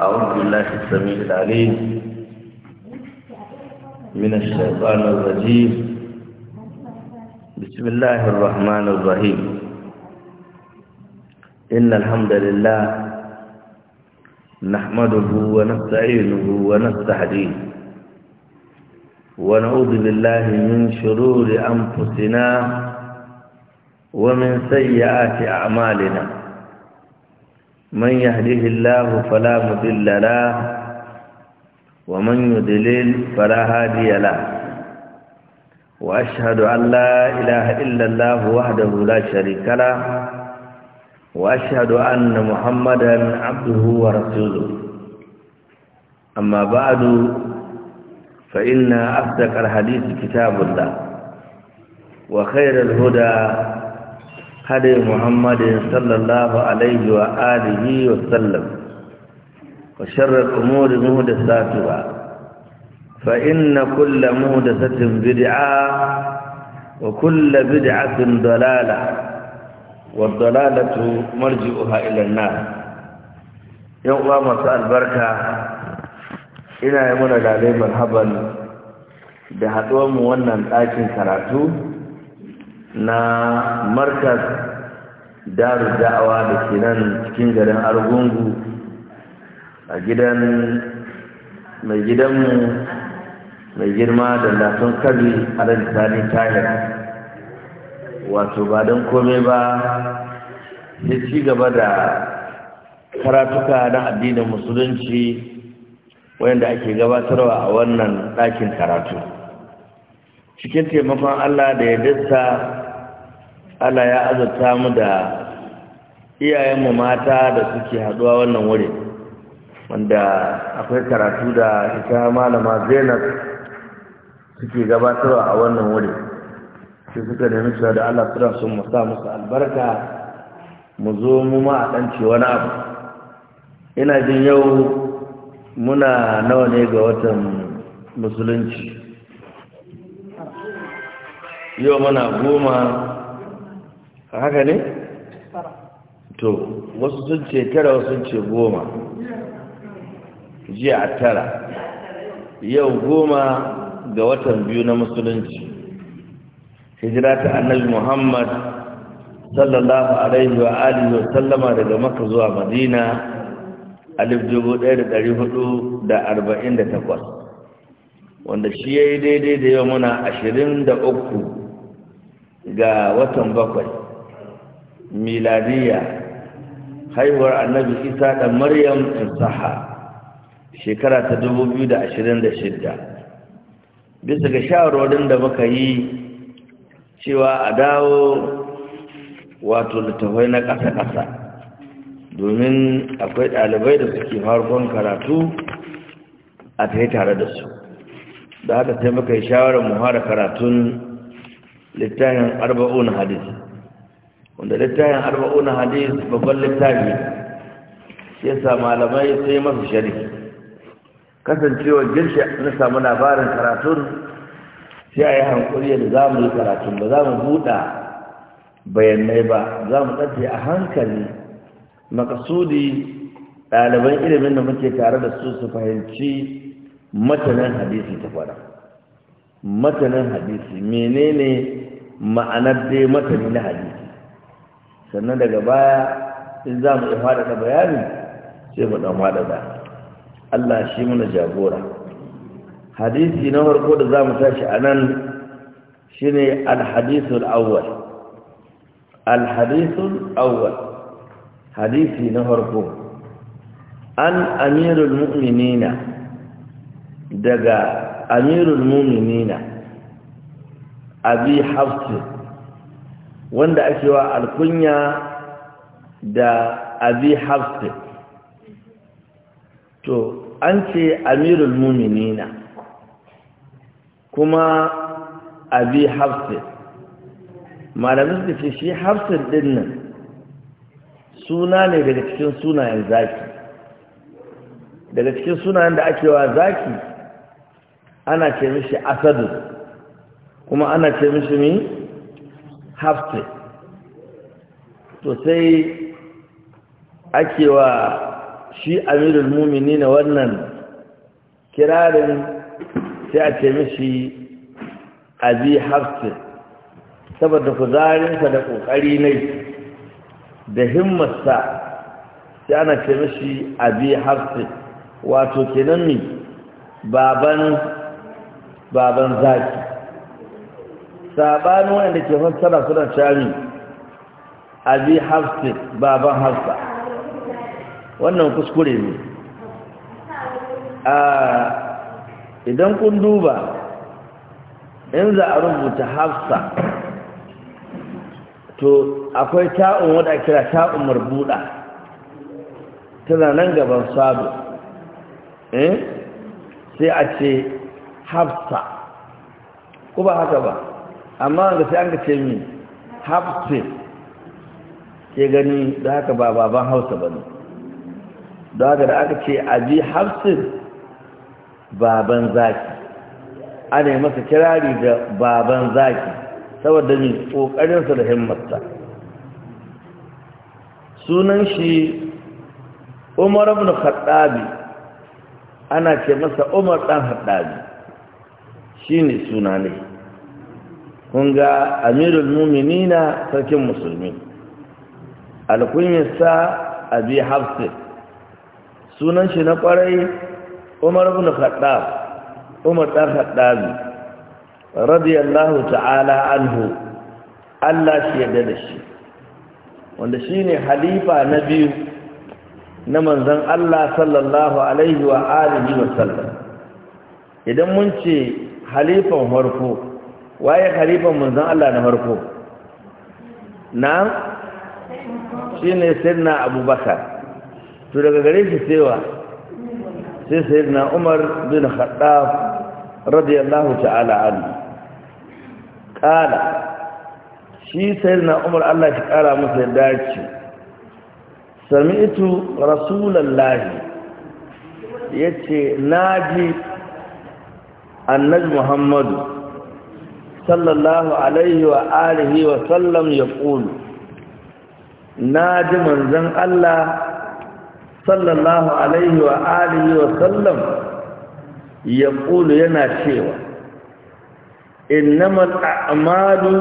أعوذ بالله السميع العليم من الشيطان الرجيم بسم الله الرحمن الرحيم إن الحمد لله نحمده ونستعينه ونستهديه ونعوذ بالله من شرور أنفسنا ومن سيئات أعمالنا من يهده الله فلا مضل له ومن يضلل فلا هادي له واشهد ان لا اله الا الله وحده لا شريك له واشهد ان محمدا عبده ورسوله اما بعد فان اصدق الحديث كتاب الله وخير الهدى هدي محمد صلى الله عليه وآله وسلم وشر الأمور مهدساتها فإن كل مهدسة بدعة وكل بدعة ضلالة والضلالة مرجئها إلى الناس يوم مساء البركة بركة yi muna da marhaban da haɗuwanmu wannan ɗakin na markas daru da'awa da ke nan cikin garin argungu a gidan mai gidanmu mai girma da latin kabi a rajisani tahir wato ba don kome ba sai ci gaba da karatuka na addinin musulunci wayanda ake gabatarwa a wannan ɗakin karatu cikin taimakon allah da ya dasa Allah ya azurta mu da iyayenmu mata da suke haduwa wannan wuri wanda akwai karatu da ita malama Zainab suke gabatarwa a wannan wuri sai suka nemi cewa da Allah suna son mu sa musu albarka mu zo mu ma a dan ce wani abu ina jin yau muna nawa ne ga watan musulunci yau muna goma haka ne? to wasu sun ce tara wasu sun ce goma jiya tara yau goma ga watan biyu na musulunci hijira ta annabi muhammad sallallahu alaihi wa alihi wa sallama daga maka zuwa madina alif dubu ɗaya da ɗari hudu da arba'in da takwas wanda shi ya yi daidai da yau muna ashirin da uku ga watan bakwai miladiya haihuwar annabi isa da maryam saha shekara ta 2026 bisa ga shawarwarin da muka yi cewa a dawo wato littafai na ƙasa-ƙasa domin akwai ɗalibai da suke farkon karatu a ta tare da su da haka sai muka yi shawarar mu muhara karatun littafin arba'un hadisi wanda littafin arba'una hadis babban littafi shi sa malamai sai masu shari kasancewa girshe na samu labarin karatun sai a yi hankuri da za mu yi karatun ba za mu buɗa bayanai ba za mu ɗace a hankali makasudi ɗaliban ilimin da muke tare da su su fahimci matanin hadisi ta fara matanin hadisi menene ma'anar dai matani na hadisi sannan daga baya in za mu iya faɗaɗa bayani sai mu ɗan faɗaɗa Allah shi mana jagora hadisi na farko da za mu tashi a nan shine ne alhadisul awwal alhadisul awwal hadisi na farko an amirul mu'minina daga amirul mu'minina abi hafsin wanda ake wa alkunya da abi hafsi to an ce amirul muminina kuma abi hafsi malamin da ce shi hafsin din nan suna ne daga cikin sunayen zaki daga cikin sunayen da ake wa zaki ana ce mishi asadu kuma ana ce mishi mi hafte to sai ake wa shi amirul mumini na wannan kirarin sai a ce mishi abi hafte saboda kuzarinsa da ƙoƙari ne da himmarsa sai ana ce mishi abi hafte wato kenan mi baban baban zaki sabanin wanda ke fassara suna cari abi hafsin baban hafsa wannan kuskure ne idan kun duba in za a rubuta hafsa to akwai ta'un wadda kira ta'un marbuda tana nan gaban sabu eh? sai a ce hafsa Ku ba haka ba amma wanda sai an ka ce min hafte ke gani da haka ba baban hausa ba ne da haka da aka ce a half space baban zaki ana masa kirari da baban zaki saboda ne ƙoƙarinsa da himmarsa sunan shi umar ibn khattabi ana ce masa umar dan khattabi shine suna kun ga amirul muminina sarkin musulmi alkunyarsa abi hafsi sunan shi na kwarai umar ibn khattab umar dan khattabi radiyallahu ta'ala anhu Allah shi ya da shi wanda shine halifa na biyu na manzon Allah sallallahu alaihi wa alihi wa sallam idan mun ce halifan farko waye khalifan manzon Allah na farko na shine sayyidina abubakar to daga gare shi sewa sai sayyidina umar bin khattab radiyallahu ta'ala anhu kala shi sayyidina umar Allah ya kara masa dace sami'tu rasulallahi. yace naji annabi muhammadu sallallahu alaihi wa alihi wa sallam ya kulu. na ji manzan Allah sallallahu alaihi wa alihi wa sallam ya kulu yana cewa innamal a'malu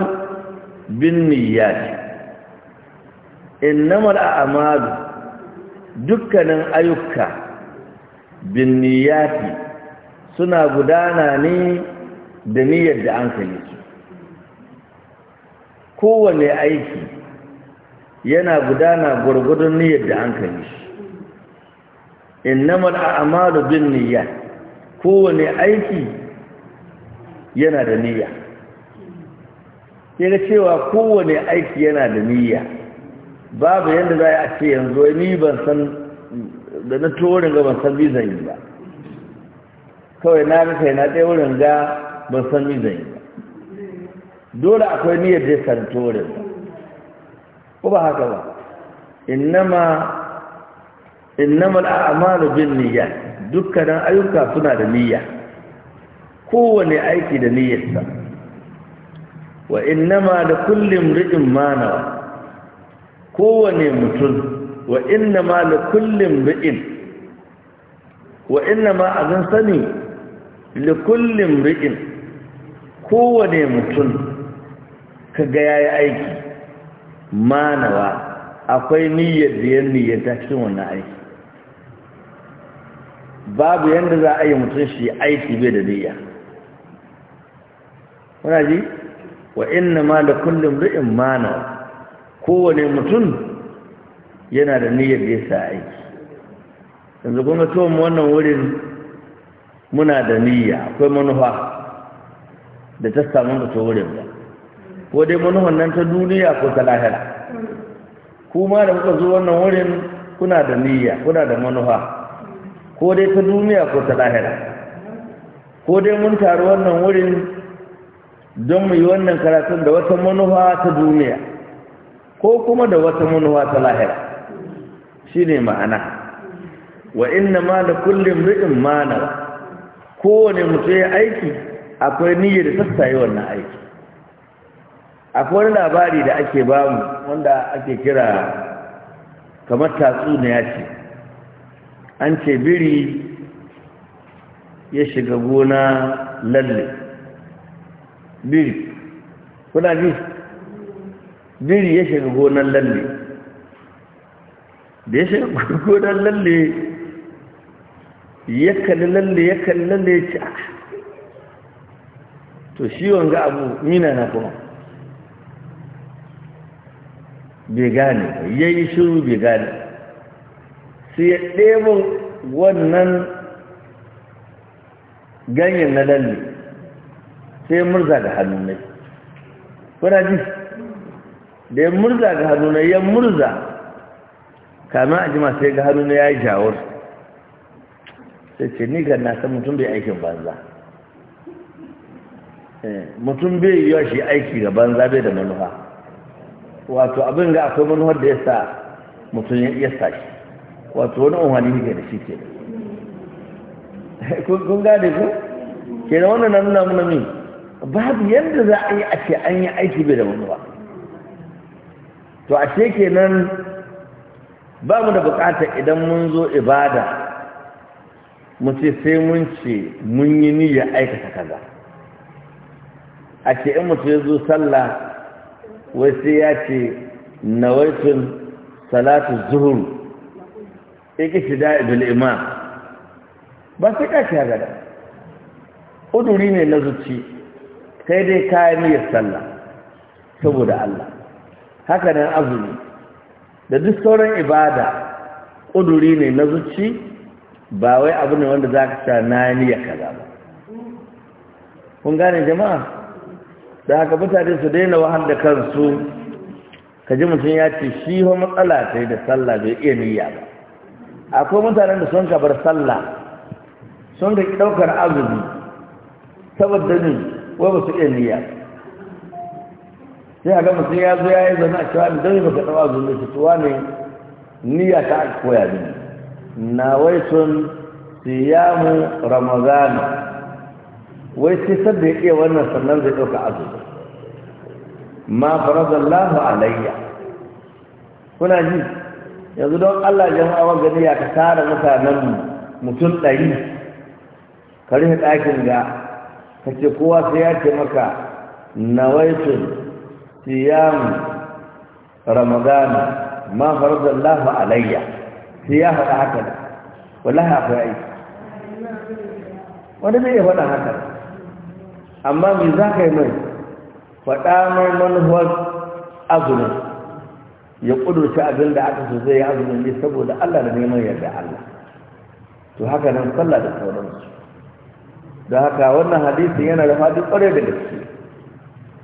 bin niyyati innamal a'malu dukkanin ayyuka bin niyyati suna gudana ne da niyyar da an kai kowane aiki yana gudana gurgudun niyyar da an kai shi innamal a'malu bin niyya kowane aiki yana da niyya sai cewa kowane aiki yana da niyya babu yadda za a ce yanzu ni ban san da na turin ga ban san bizan yi ba kawai na ga kai na ɗaya wurin ga ban san bizan yi ba dole akwai niyyar da santorin ko ba haka ba innama innamal a'malu bin niyya dukkanin ayyuka suna da niyya kowane aiki da niyyarsa wa innama da kullum ri'in manawa kowane mutum wa innama da kullum ri'in wa innama a zan sani da kullum ri'in kowane mutum ka ga yi aiki manawa akwai niyyar da niyyar niyyata cikin wannan aiki babu yadda za a yi mutum shi aiki bai da niyya wana ji wa inna ma da kullum ri'in mana kowane mutum yana da niyyar da ya sa aiki yanzu kuma mu wannan wurin muna da niyya akwai manufa da ta samu da ta wurin ba ko dai manuhan nan ta duniya ko ta lahira kuma da kuka zo wannan wurin kuna da niyya kuna da manuha ko dai ta duniya ko ta lahira ko dai mun taru wannan wurin don mu yi wannan karatun da wata manuha ta duniya ko kuma da wata manuha ta lahira shi ne ma'ana wa inna ma da kullum ri'in mana kowane mutu ya aiki akwai niyyar sassaye wannan aiki akwai wani labari da ake bamu wanda ake kira kamar tatsuniya ce an ce biri ya shiga gona lalle biri kuna ji biri ya shiga gonar lalle da ya shiga gonar lalle ya kalli lalle ya kalli lalle ya ci ah. to shi wanga abu mina na kuma bai gane ya yi shiru bai gane su ya ɗebo wannan ganyen na lalle sai murza da hannunai kuna ji da ya murza da hannunai ya murza kama a jima sai ga hannunai ya yi jawar sai ce ni na san mutum bai aikin banza eh, mutum bai yi yau shi aiki ga banza bai da manufa wato abin ga akwai manuwar da ya sa mutum ya sa shi wato wani umarni ne da shi ke kun gane ku ke da wannan na nuna muna min babu yadda za a yi a ce an yi aiki bai da manuwa to a ce nan ba mu da bukata idan mun zo ibada mu ce sai mun ce mun yi niyyar aikata kaza a ce in mutum ya zo sallah wai sai ya ce nawaitun salatu zuhur da bil imam ba sai ka kiyaga da uduri ne na zuci sai dai kayan niyyar sallah saboda Allah haka nan azumi da duk sauran ibada uduri ne na zuci ba wai abu ne wanda za ka sha na niyya kaza ba kun gane jama'a da haka mutane su daina wahanda kansu ka ji mutum ya ce shi ho matsala ta yi da sallah bai iya niyya ba akwai mutanen da sun kabar sallah sun ga ɗaukar azumi saboda ne wai ba su iya niyya sai a ga mutum ya zo ya yi zana a cewa da don ba ka ɗau azumi su tuwa ne niyya ta koya ne na wai sun siyamu ramadana wai sai sadda ya iya wannan sannan zai ɗauka azumi ma lahu alayya kuna ji yanzu don Allah jama'a gani ya ka tara mutanen mutum ɗari ka rufe ɗakin ga ka ce kowa sai ya ce maka nawaitun siyamu ramadana ma lahu alayya sai ya faɗa haka da wallahi akwai aiki wani zai ya faɗa haka da amma mi za ka yi mai faɗa mai manuwar azumin ya ƙudurci abin da aka so zai yi azumin ne saboda allah da neman yadda allah to haka nan falla da sauransu da haka wannan hadisi yana da faɗi ƙwarai da gaske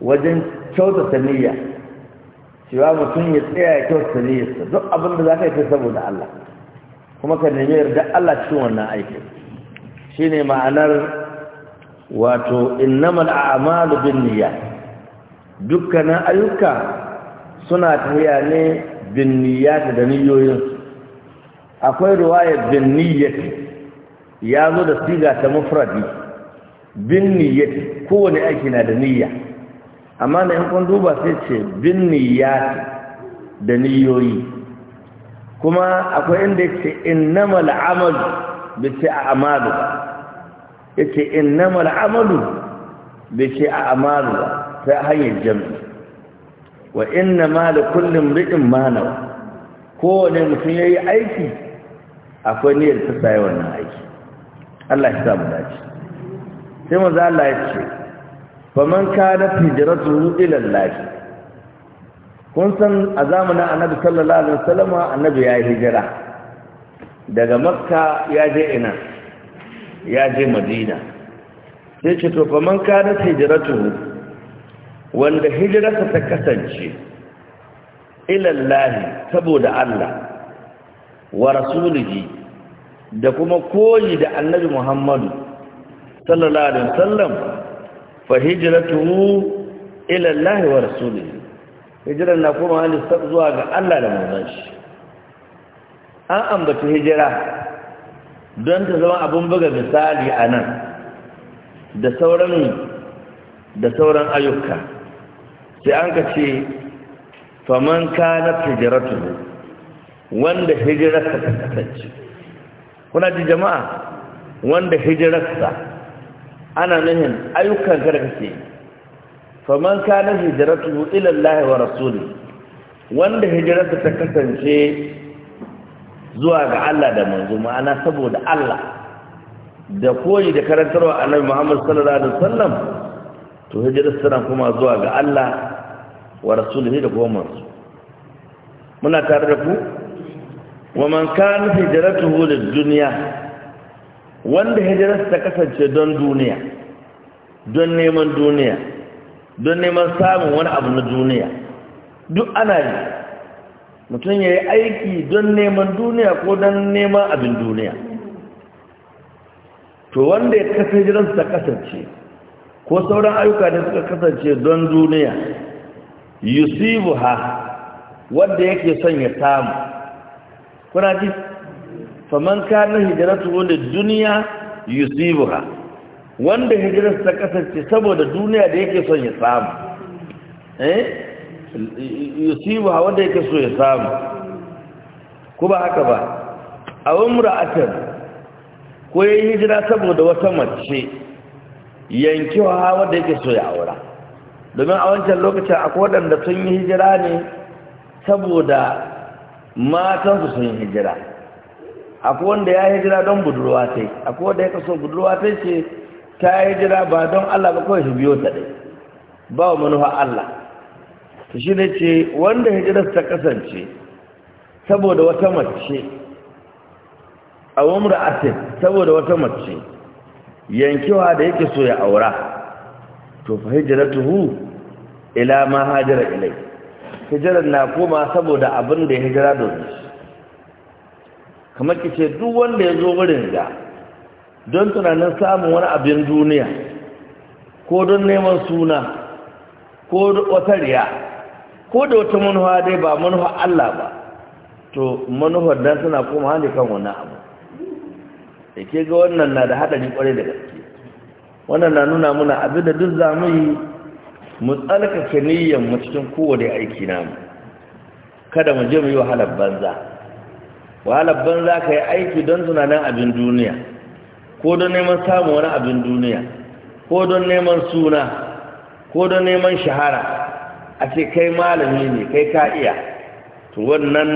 wajen kyautata saniya cewa mutum ya tsaya ya kyautata saniyarsa duk abin da za ka yi saboda allah kuma ka nemi yarda allah cikin wannan aikin shine ma'anar wato innamal a'malu binniyat dukkanin ayyuka suna tafiya ne binniyat da niyoyin akwai riwayar binniyat ya zo da siga ta mufradi binniyat kowane aiki na da niyya amma da in kun duba sai ce binniyat da niyoyi kuma akwai inda yake innamal amalu bi ta'amalu yace innamal amalu bai ce a amalu ta hanyar jami'i wa inna ma da kullum riɗin manawa kowane mutum ya yi aiki akwai niyyar ta sayi wannan aiki Allah ya samu dace sai maza Allah ya ce faman kada hijiratu ila Allah kun san a zamanin annabi sallallahu alaihi wasallama annabi ya yi hijira daga makka ya je ina ya je madina sai ce to fa man kana hijratuhu wanda hijrata ta kasance Ila Allah saboda Allah wa rasulihi da kuma koyi da annabi Muhammadu sallallahu alaihi wasallam fa hijratuhu Allah wa rasulihi hijran na kuma hali zuwa ga Allah da manzon shi an ambaci hijira don ta zama abin buga misali a nan da sauran da sauran ayyuka sai an ka ce faman kanat hijiratu wanda hijirarsa ta kasance kuna ji jama'a wanda hijirarsa ana nuhin ayyukan ka da kake faman kanat hijiratu ilallahi wa rasuli wanda hijirarsa ta kasance zuwa ga Allah da manzo ma'ana saboda Allah da koyi da karantarwa annabi Muhammad sallallahu alaihi wasallam to hijira sirran kuma zuwa ga Allah wa rasulihi da kuma muna tare da ku wa man kana hijratuhu lid-dunya wanda hijirarsa ta kasance don duniya don neman duniya don neman samun wani abu na duniya duk ana yi mutum ya yi aiki don neman duniya ko don neman abin duniya to wanda ya kasar jiransu ta kasance ko sauran ayyuka da suka kasance don duniya yusufu ha wanda yake son ya samu kuna ji faman kanin hijiratu wanda duniya yusufu ha wanda hijiratu ta kasance saboda duniya da yake son ya samu eh yusibu wanda yake so ya samu ko ba haka ba a umra'atan ko yayi hijira saboda wata mace yanki wa wanda yake so ya aura domin a wancan lokacin akwai wadanda sun yi hijira ne saboda matansu sun yi hijira akwai wanda ya hijira don budurwa ta yi akwai wanda ya kaso budurwa ta ce ta hijira ba don allah ba kawai shi biyo ta dai ba wa manufa allah to shi ne ce wanda hijirar ta kasance saboda wata mace a wamra asin saboda wata mace yankewa da yake so ya aura to fa tuhu ila ma hajira ilai hijirar na koma saboda abin da ya hijira domin kamar ki ce duk wanda ya zo wurin ga don tunanin samun wani abin duniya ko don neman suna ko wata riya ko da wata manuwa dai ba manuwa Allah ba to manuwar dan suna koma hali kan wani abu da ke ga wannan na da haɗari ƙwarai da gaske wannan na nuna muna abin da duk za mu yi mu tsalkake niyyar mu cikin kowane aiki namu kada mu je mu yi wahalar banza wahalar banza ka yi aiki don tunanin abin duniya ko don neman samun wani abin duniya ko don neman suna ko don neman shahara a ce kai malami ne kai ka iya to wannan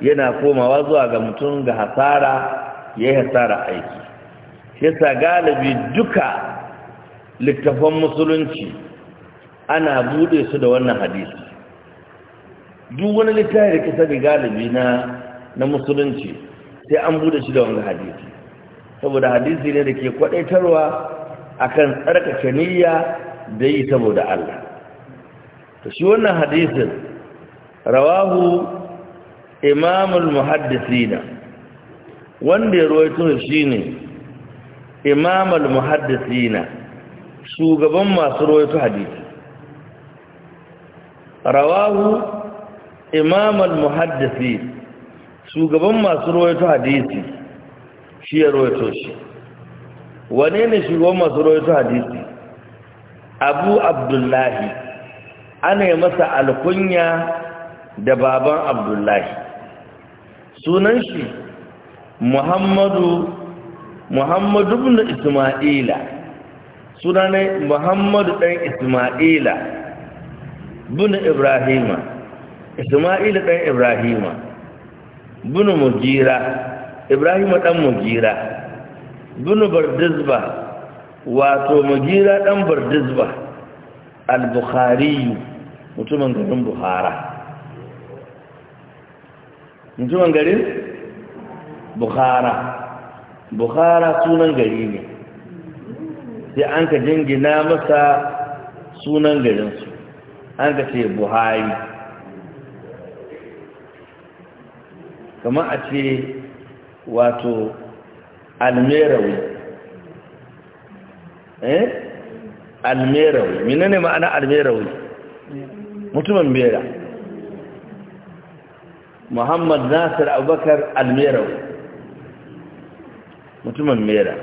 yana komawa zuwa ga mutum ga hasara ya yi hasara aiki yasa galibi duka littafan musulunci ana bude su da wannan hadisi duk wani littafi da kisa da galibi na musulunci sai an bude shi da wannan hadisi saboda hadisi ne da ke kwadaitarwa akan tsarkake niyya da yi saboda Allah to shi wannan hadisin rawahu imamul muhaddisina wanda ya ruwaito shi ne imamul muhaddisina shugaban masu ruwaito hadisi rawahu imamul muhaddisi shugaban masu ruwaito hadisi shi ya ruwaito shi wane ne shugaban masu ruwaito hadisi abu abdullahi ana yi masa alkunya da baban abdullahi sunan shi muhammadu muhammadu ibn isma'ila sunanai muhammadu ɗan isma'ila bin ibrahima isma'ila ɗan ibrahima bin Mujira ibrahima ɗan Mujira bin bardizba wato Mujira ɗan bardizba al-bukhari mutumin garin buhara mutumin garin buhara buhara sunan gari ne sai an ka jingina masa sunan garinsu an ka ce buhari kamar a ce wato almerawi eh almerawi menene ma'ana almerawi mutumin mera muhammad nasir abubakar almerawi mutumin mera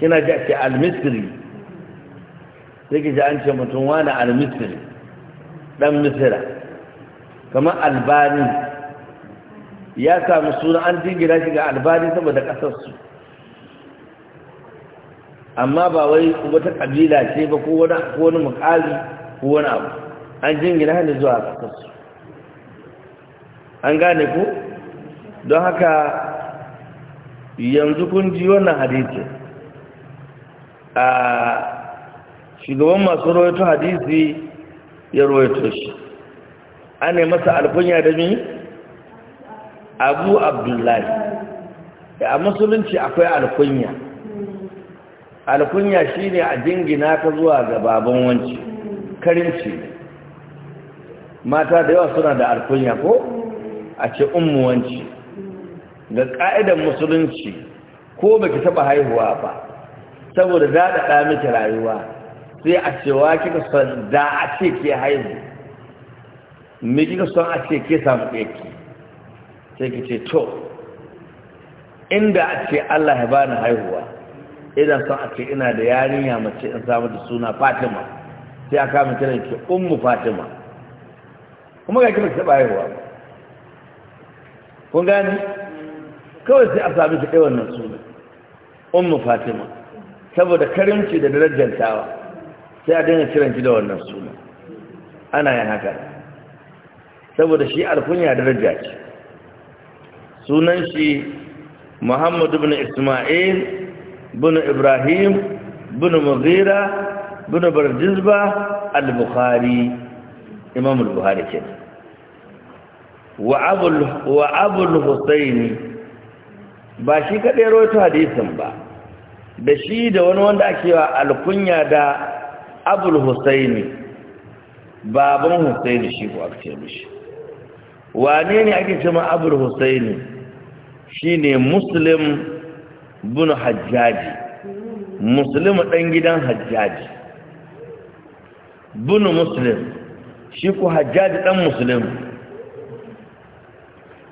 kina ji ake almisiri sai ki ji an ce mutum wani almisiri dan misira kamar albani ya sami suna an jingina shiga albani saboda ƙasarsu amma ba wai wata kabila ce ba ko wani ko wani ko wani abu an jingina hannu zuwa kasu an gane ku don haka yanzu kun ji wannan hadisi a shugaban masu rawaito hadisi ya rawaito shi yi masa alkunya da mi abu abdullahi a musulunci akwai alkunya alkunya shine a jingina ka zuwa ga baban wanci karinci mata da yawa suna da alkunya ko a ce ummu wanci ga ka'idar musulunci ko baki taba haihuwa ba saboda a ɗa miki rayuwa sai a cewa kika son da a ce ke haihu me kika son a ce ke samu ɗaki sai ki ce to inda a ce Allah ya bani haihuwa idan son a ina da yarinya mace in samu da suna fatima sai a kama kiran ki ummu fatima kuma ga ki taɓa haihuwa kun gani kawai sai a sami ta wannan suna ummu fatima saboda karimci da darajantawa sai a dinga kiran ki da wannan suna ana yin haka saboda shi alkunya daraja ce sunan shi muhammadu bin isma'il bin ibrahim bin mughira bin barjizba al-bukhari imam al-bukhari ke wa abul ba shi kadai rawaito hadisin ba da shi da wani wanda ake wa al da abul husaini baban husaini shi ko ake mishi wane ne ake cewa abul husaini shine muslim bin hajjaji musulmi ɗan gidan hajjaji bin muslim shi ku hajjaji ɗan muslim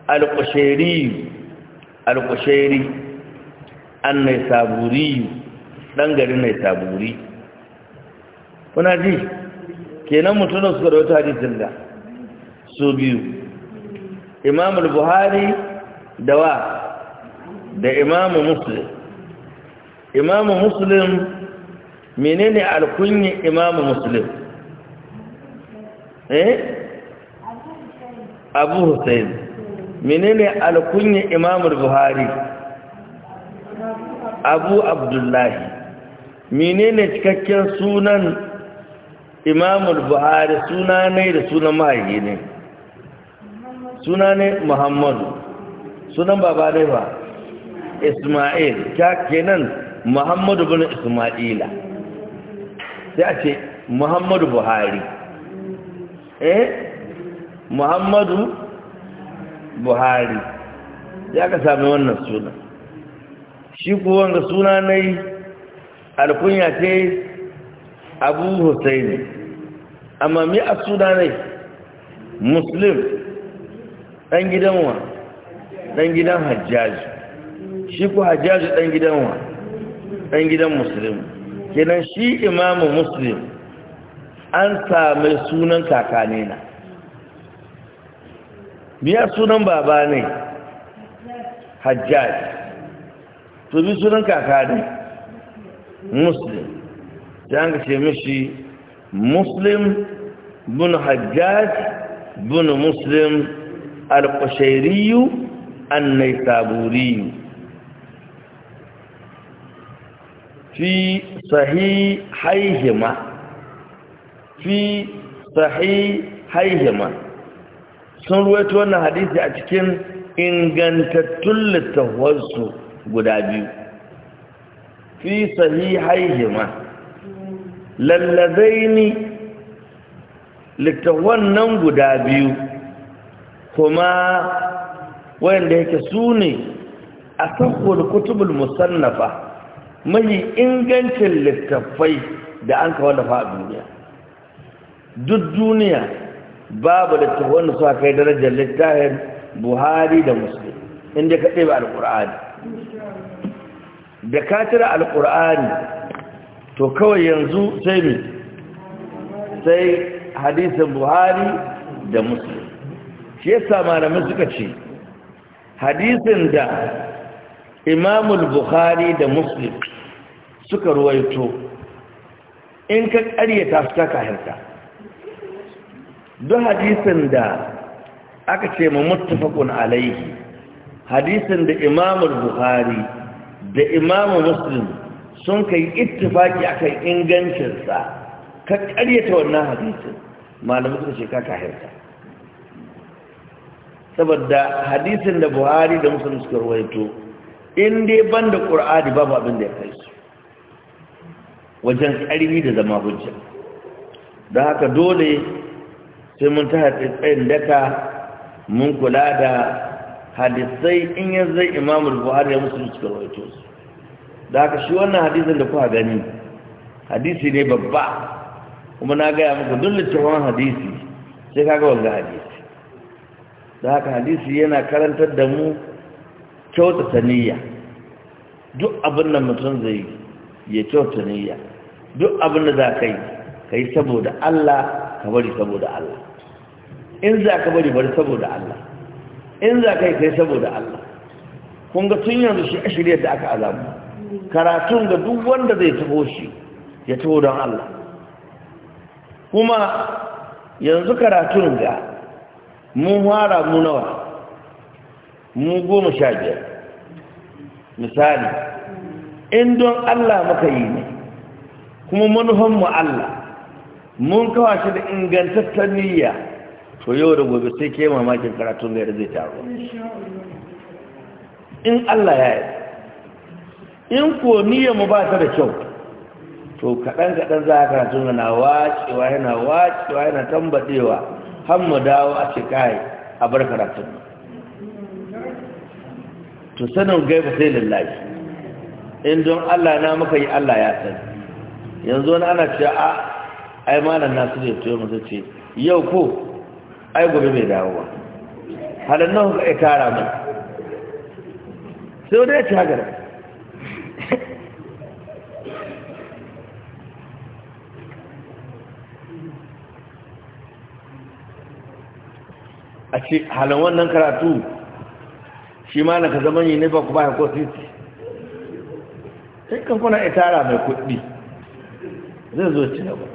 alƙusheri al an mai saburi ɗan garin mai saburi kuna ji kenan mutunan suka da hadisin da su biyu Imamul buhari da wa da imamu muslim imamu muslim menene alkunyin imamu muslim eh abu hussein menene alkunyin imamu buhari abu abdullahi menene cikakken sunan imamu buhari suna ne da sunan mahaifi ne suna ne muhammadu sunan baba ne ba isma'il ta kenan muhammadu bin isma'ila sai a ce muhammadu buhari eh muhammadu buhari ya ka sami wannan suna shi ko wanda suna na yi alkunya ce abu husaini amma mi a suna ne muslim ɗan gidan wa ɗan gidan hajjaji shi ku hajjaju ɗan gidan wa ɗan gidan musulun kenan shi imamu musulun an sami sunan kakane na biya sunan baba ne hajjaj to bi sunan kakane muslim ta an ce mishi muslim bin hajjaj bin muslim alƙashairiyu an-naisaburiyu fi haihima, fi haihima. sun ruwaito wannan hadisi a cikin ingantattun littafansu guda biyu fi sahihaihima lallazaini littafan nan guda biyu kuma wayanda yake su ne a sakon kutubul musannafa mai ingancin littattafai da an ka wallafa a duniya duk duniya babu littattafai wanda suka kai darajar littafin buhari da musulmi inda ka ɗaya alƙur'ani da ka tira alƙur'ani to kawai yanzu sai mi sai hadisin buhari da musulmi shi yasa malamai suka ce hadisin da imamul buhari da muslim suka ruwaito in ka ta su ta kahirta duk hadisin da aka ce ma muttafaqun alaihi hadisin da imamul buhari da imamu muslim sun kai ittifaki akan ingancinsa ka ƙaryata wannan hadisin malamu suka ce ka kahirta saboda hadisin da buhari da muslim suka ruwaito in dai ban da ƙur'ani babu abin da ya kai su wajen ƙarfi da zama hujja da haka dole sai mun ta tsayin daka mun kula da hadisai in ya zai da buhari ya musu cikin rawaito su da haka shi wannan hadisun da kuka gani hadisi ne babba kuma na gaya muku duk littafin hadisi sai kaga wanga hadisi da haka hadisi yana karantar da mu kyauta saniya duk abin da mutum zai ya kyauta niyya duk abin da za ka yi ka yi saboda Allah ka bari saboda Allah in za ka bari bari saboda Allah in za ka yi ka yi saboda Allah kun ga tun yanzu shi a shirya da aka azamu karatun ga duk wanda zai taho shi ya taho don Allah kuma yanzu karatun ga mun fara mu nawa mu goma sha biyar misali in don Allah muka yi ne kuma manufan mu Allah mun kawo shi da ingantattar niyya to yau da gobe sai ke mamakin karatun da zai taro in Allah ya yi in ko niyyar mu ba ta da kyau to kaɗan-kaɗan za a karatun yana wacewa yana wacewa yana tambadewa har mu dawo a ce a bar karatun to sanin gaifa sai lallahi, in don Allah na muka yi Allah ya sani yanzu wani ana cewa a ai malam su ne tuyo mu ce yau ko ai gobe bai dawo ba halin nan ka kara mai sai wani ya ci haka a ce halin wannan karatu shi ma na ka zama yi ne ba ku ba ya ko titi sai kan kuna itara mai kuɗi zai zo ci gaba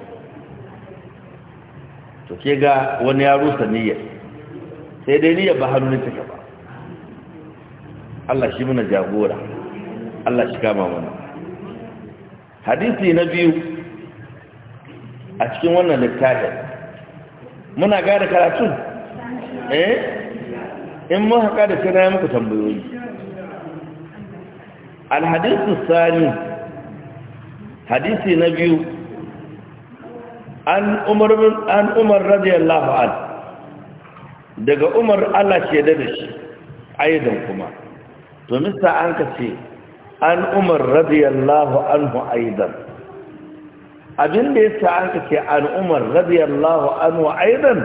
to ke ga wani ya rusa niyyar sai dai niyyar ba hannu ne ba Allah shi muna jagora Allah shi kama mana hadisi na biyu a cikin wannan littafin muna gane karatun eh in mun haka da sai muku tambayoyi al hadisi sani hadisi na biyu an umar radiyallahu an daga umar Allah ce da shi aidan kuma to mista an ka ce an umar radiyallahu anhu aidan abin da yasa an ka ce an umar radiyallahu anhu aidan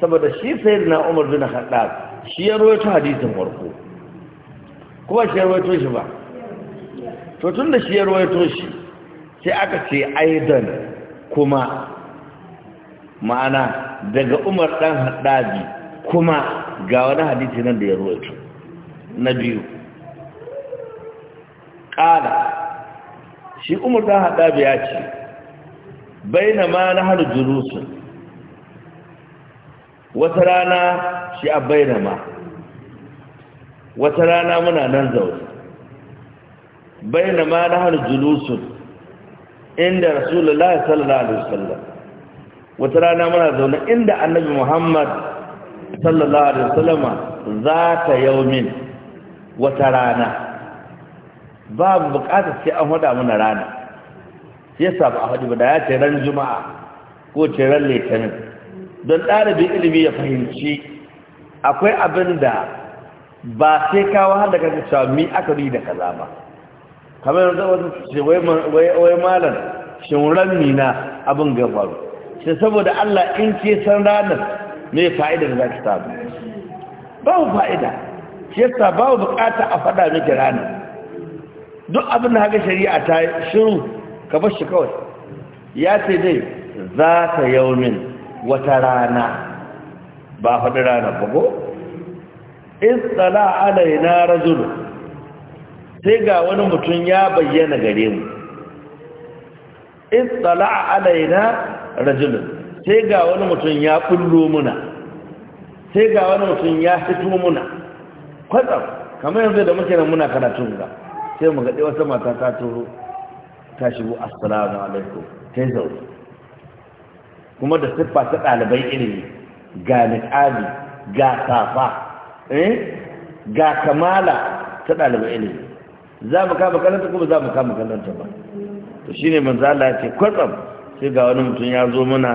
saboda shi sayyidina umar bin khattab shi ya rawaito hadisin farko kuma shi ya rawaito shi ba to tun da shi ya rawaito shi sai aka ce aidan kuma ma'ana daga umar ɗan haɗabi kuma ga wani hadisi nan da ya ruwaito na biyu ƙada shi umar dan haɗabi ya ce bai na ma na har jurusun wata rana shi a bai na ma wata rana muna nan zaune bai na ma na har jurusun inda rasulullah sallallahu alaihi wasallam wata rana muna zaune inda annabi muhammad sallallahu alaihi wasallama za ta yaumin wata rana babu bukatar sai an hada mana rana yasa ba a hadu da ya ce ran juma'a ko ce ran litinin don ɗalibin ilimi ya fahimci akwai abin da ba sai kawo har da cewa mi aka yi da kaza ba kamar yanzu wata ce wai malam shin ran mina abin ga sai saboda Allah in ke san ranar me fa'idar za ki samu babu fa'ida shi yasa babu bukata a faɗa miki ranar duk abin da haka shari'a ta shiru ka bar shi kawai ya ce dai za ka yaumin wata rana ba faɗi rana ba ko in tsala alaina rajulu sai ga wani mutum ya bayyana gare mu in tsala alaina rajulun sai ga wani mutum ya kullo muna sai ga wani mutum ya fito muna kwatsam kamar yanzu da muke nan muna karatun ga sai mu gaɗe wata mata ta turo ta shigo assalamu alaikum ta yi zaune kuma da siffa ta ɗalibai ilimi ga niƙali ga safa eh, ga kamala ta ɗalibai ilimi za mu kama kallonta kuma za mu kama kallonta ba to shine manzo Allah ya ce kwatsam sai ga wani mutum ya zo muna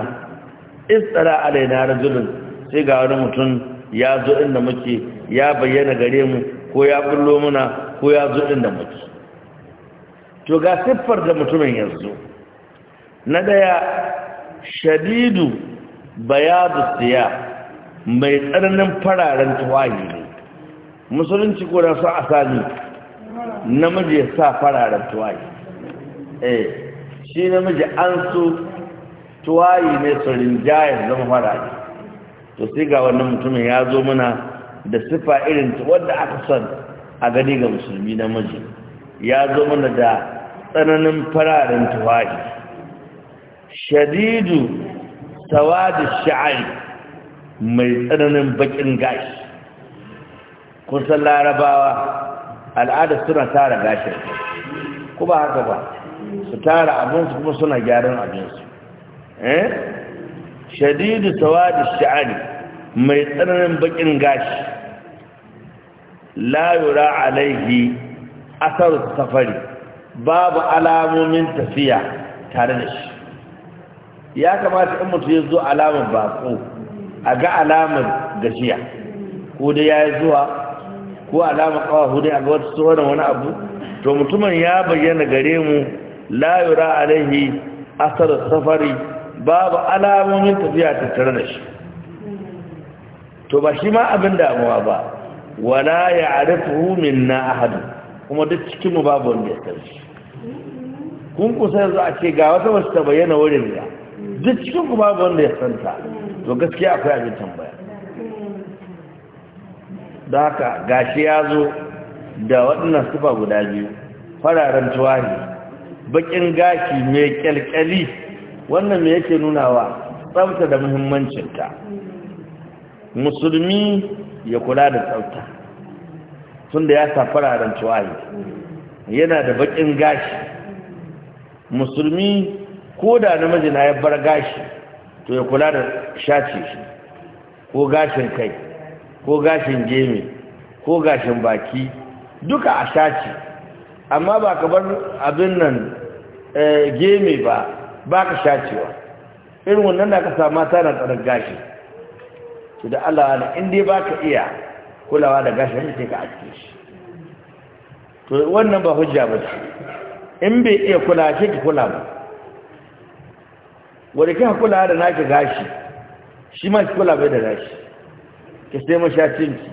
istara alaina rajulun sai ga wani mutum ya zo inda muke ya bayyana gare mu ko ya bullo muna ko ya zo inda muke to ga siffar da mutumin yanzu na daya shadidu bayadu siya mai tsananin fararen tuwahi ne musulunci ko da su asali namiji ya sa fararen tuwahi eh shi namiji an so tuwayi ne su rinjayar zama faraɗi to sai ga wannan mutumin ya zo muna da siffa irin wadda aka son a gani ga musulmi namiji ya zo mana da tsananin fararen tuwayi shadidu sawadu sha'ari mai tsananin bakin gashi kusan larabawa al'ada suna tara gashi ko ba haka ba su tara abinsu kuma suna gyaran abinsu eh shadidu sawadi sha'ani mai tsananin bakin gashi la yura alaihi asar safari babu alamomin tafiya tare da shi ya kamata in mutu ya zo alamar bako a ga alamar gajiya ko dai ya zuwa ko alamar kawahu dai a ga wata tsoron wani abu to mutumin ya bayyana gare mu la yura alaihi asar safari babu alamomin tafiya tare da shi to ba shi ma abin damuwa ba wala ya arifu minna ahad kuma duk cikinmu babu wanda ya san shi kun kusa yanzu a ce ga wata wasu ta bayyana wurin da duk cikinku babu wanda ya santa to gaskiya akwai abin tambaya da haka gashi ya zo da waɗannan sufa guda biyu fararen tuwahi bakin gashi mai kyalkyali wannan me yake nunawa tsafta da muhimmancinta musulmi ya kula da tsafta tunda ya safara fararen tuwaye yana da bakin gashi musulmi ko da namiji na ya bar gashi to ya kula da shace shi ko gashin kai ko gashin gemi ko gashin baki duka a shaci amma ba ka bar abin nan Eh, geme ba ba ka shacewa irin wannan na ka samu mata na tsarar gashi to da Allah na inda ba ka iya kulawa da gashi wanda ce ka ake shi to wannan ba hujja ba ce in bai iya kula shi ka kula ba wadda kika kula da naki gashi shi ma ki kula bai da gashi ki sai mashacinki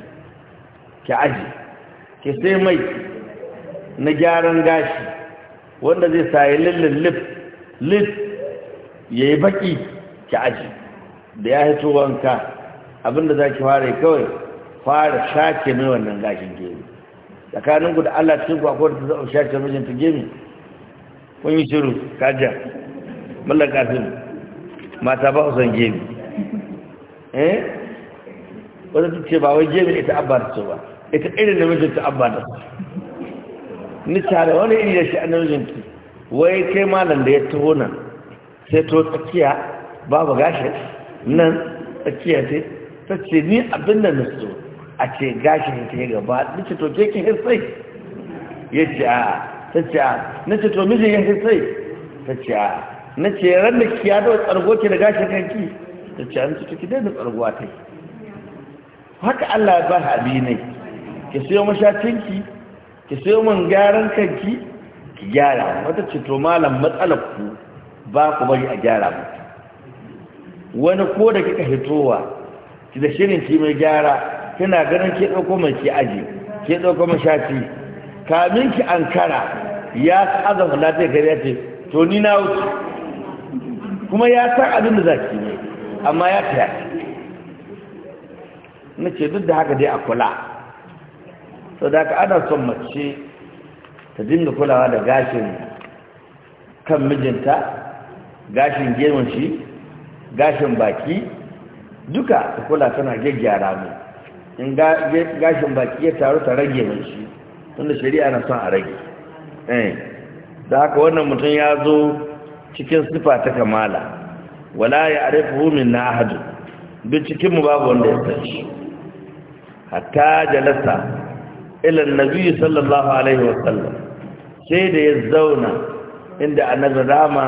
ke aji ki sai mai na gyaran gashi wanda zai sayi lillin lip ya yi baki ki aji da ya hito wanka abinda za ki fara kawai fara shake mai wannan gashin gemi tsakanin ku da allah cikin da ta zaɓa shake ta gemi kun yi shiru kaja mallar sun mata ba son gemi eh wadda ta ce ba wai gemi ita abba ta ce ba ita irin namijin ta abba ta ce ni tare wani iri da shi a namijinki wai kai malam da ya taho nan sai to tsakiya babu gashi nan tsakiya sai ta ce ni abin da nasu a ce gashi ne yi gaba ni ce to ke ki hisai ya ce a ta ce a na ce to mijin ya sai ta ce a na ce ran da kiya da tsargo ki da gashi kanki ta ce an ce ki da tsargo ta yi haka Allah ya ba ha abi ne ki siyo ki. ki sayo min gyaran kanki ki gyara wata ce to malam matsalar ku ba ku bari a gyara ba wani ko da kika hitowa ki da shirin ki mai gyara kina ganin ke dauko mai ki aji ke dauko mai shafi kamin ki ankara ya azama lafiya gari ya ce to ni na wuce kuma ya san abin da zaki ne amma ya taya na ce duk da haka dai a kula so da ka ana son mace ta dinga kulawa da gashin kan mijinta gashin gemun shi gashin baki duka ta kula tana gyaggyara mu in gashin baki ya taru ta rage mun shi tunda shari'a na son a rage eh, da haka wannan mutum ya zo cikin sifa ta kamala wala ya arifu fuhumin na ahadu bin cikinmu babu wanda ya san shi hatta jalasta. ilan nabi sallallahu alaihi wasallam sai da ya zauna inda annabi rama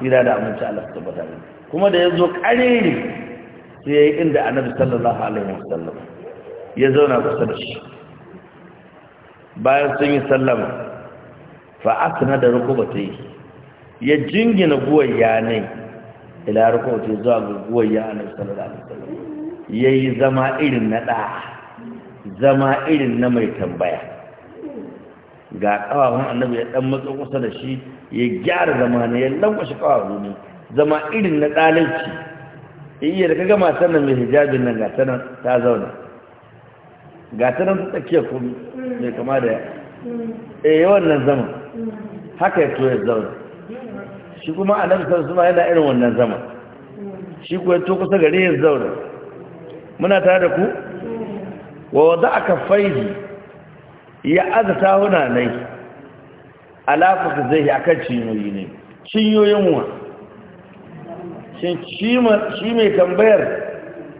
ila da aminci Allah tabbata kuma da ya zo karere sai ya yi inda annabi sallallahu alaihi wasallam ya zauna kusa da shi bayan sun yi sallama fa asna da yi, ya jingina guwayya ne ila rukubatai zuwa guwayya annabi sallallahu alaihi wasallam yi zama irin na da'a zama irin na mai tambaya ga ƙawawan annabi ya ɗan matso kusa da shi ya gyara zama ne ya lankwashe kawawan ne zama irin na ɗalibci iya da kaga matan nan mai hijabin nan ga tanan ta zauna ga tanan ta tsakiya kuma mai kama da eh wannan zama haka ya ya zauna shi kuma annabi sallallahu alaihi yana irin wannan zama shi ku ya to kusa gare ya zauna muna tare da ku wa wadda aka faihi ya azata huna nai alafuka zai a cinyoyi ne cinyoyin wa shi mai tambayar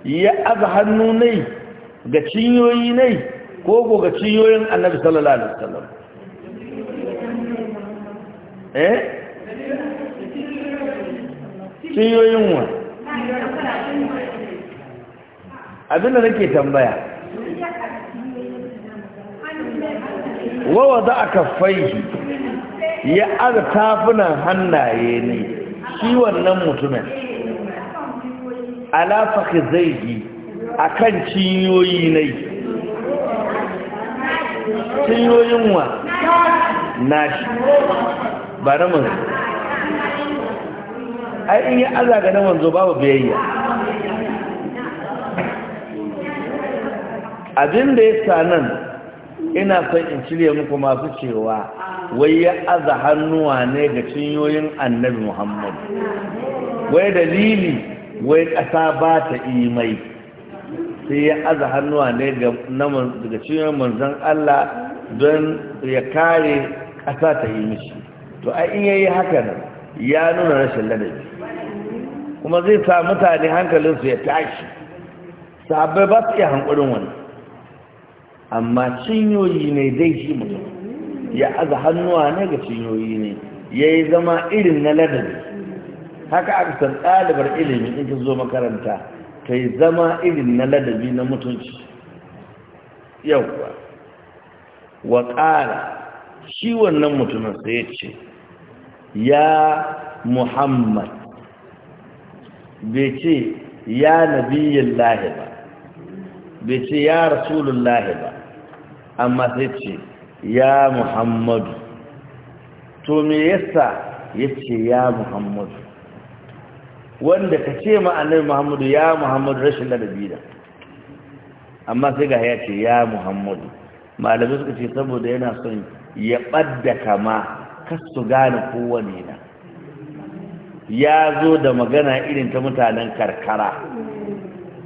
ya aza hannu ne ga cinyoyi ne, ko ko ga cinyoyin annabi sallallahu alaihi wasallam eh cinyoyin wa abinda nake tambaya wawa za a kafai ya aza tafunan hannaye ne shi wannan mutumin alafaka zai yi a kan cinyoyi ne cinyoyin wa na ba na mu ai in yi aza ga na zo babu biyayya abin da ya sa nan ina son in cire muku masu cewa wai ya aza hannuwa ne ga cinyoyin annabi muhammadu wai dalili wai ƙasa ba ta imai sai ya aza hannuwa ne ga cinyoyin manzan allah don ya kare ƙasa ta yi mishi to a in yi haka nan ya nuna rashin ladabi kuma zai sa mutane hankalinsu ya tashi sabai ba su iya hankulin wani amma cinyoyi ne zai shi mutum ya aza hannuwa ne ga cinyoyi ne ya yi zama irin na ladabi haka aka san ɗalibar ilimi in ka zo makaranta ka yi zama irin na ladabi na mutunci yauwa wa ƙara shi wannan mutumin sai ce ya muhammad bai ce ya nabiyin lahi bai ce ya rasulun lahi ba amma sai ce ya muhammadu to me yasa ya ce ya muhammadu wanda ka ce ma'anar muhammadu ya muhammadu rashin ladabi da amma sai ga ya ce ya muhammadu malamai suka ce saboda yana son ya ɓadda kama kasu gane kowane na ya zo da magana irin ta mutanen karkara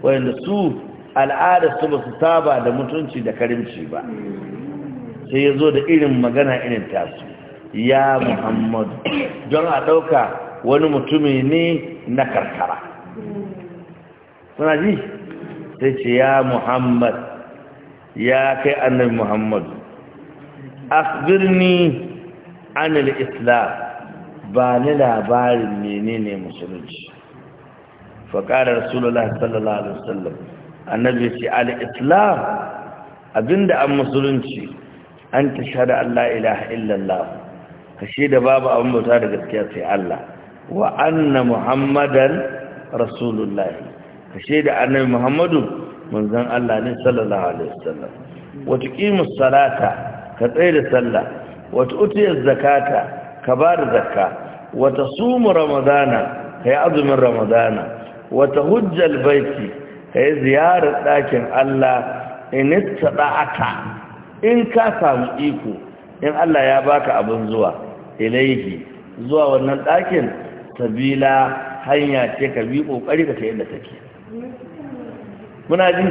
wanda su al'adar su ba su saba da mutunci da karimci ba sai ya zo da irin magana irin tasu ya muhammadu don a ɗauka wani mutumi ne na karkara suna ji sai ce ya muhammad ya kai annabi muhammadu akhbirni anil islam ba ni labarin menene musulunci faƙarar rasulullah sallallahu alaihi wasallam annabi ce al-islam abinda an musulunci an da Allah la ilaha illallah kashe da babu abin bauta da gaskiya sai Allah wa anna muhammadan rasulullah kashe da annabi muhammadu manzon Allah ne sallallahu alaihi wasallam wa salata ka tsai da sallah wa tu'tiyaz zakata ka bada zakka wa tasumu ramadana kai azumin ramadana wa tahujjal baiti ka yi ziyarar ɗakin Allah in aka in ka samu iko in Allah ya baka abin zuwa ilaihi zuwa wannan ɗakin sabila hanya ce ka bi ƙoƙari ka ta yadda take muna ji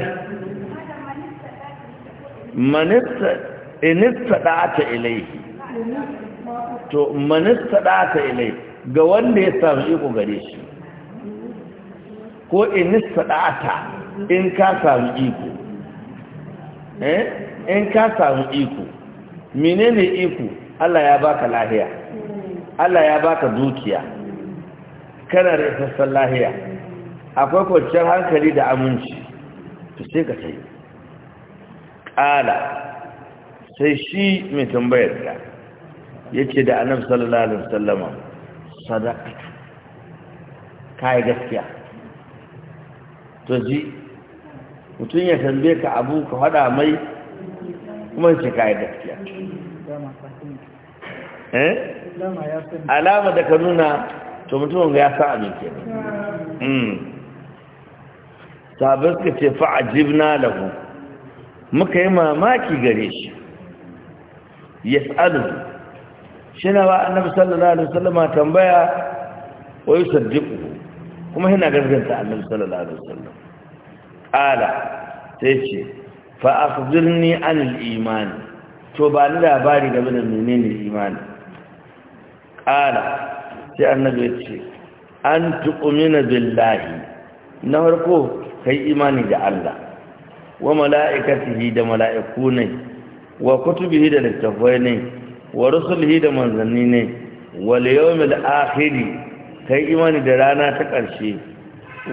manista aka ilaihi to manista aka ilaihi ga wanda ya samu iko gare shi ko in sada'ata in ka samu iko eh in ka samu iko menene iko Allah ya baka lahiya Allah ya baka dukiya kana da sassan lahiya akwai kwanciyar hankali da aminci to sai ka sai ƙala sai shi mai tambayar ka yace da annabi sallallahu alaihi wasallama sadaqa kai gaskiya to ji mutum ya tambaye ka abu ka faɗa mai kuma ce ka yi gaskiya eh alama da ka nuna to mutum ya sa abin ke hmm. sabon ka ce fa'ajibna lahu muka yi mamaki gare shi tsadu shi na ba annabi sallallahu alaihi wasallama tambaya Wai yusaddiqu kuma yana gaskanta annabi sallallahu alaihi wasallam qala sai ce fa akhbirni anil imani to ba ni labari game da menene imani qala sai annabi ya ce an tu'mina billahi na farko kai imani da Allah wa mala'ikatihi da mala'iku ne wa kutubihi da littafai ne wa rusulihi da manzanni ne wal yawmil akhir ka yi imani da rana ta ƙarshe